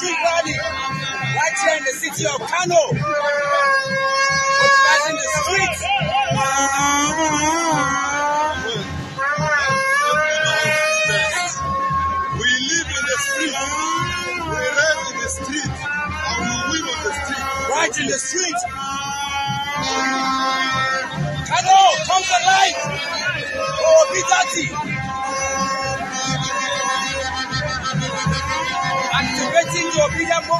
Tea Rally right here in the city of Kano. Mobilizing the streets. We live in the streets. We in the And we the Right in the street. Kano, come to life. Oh, be dirty. ya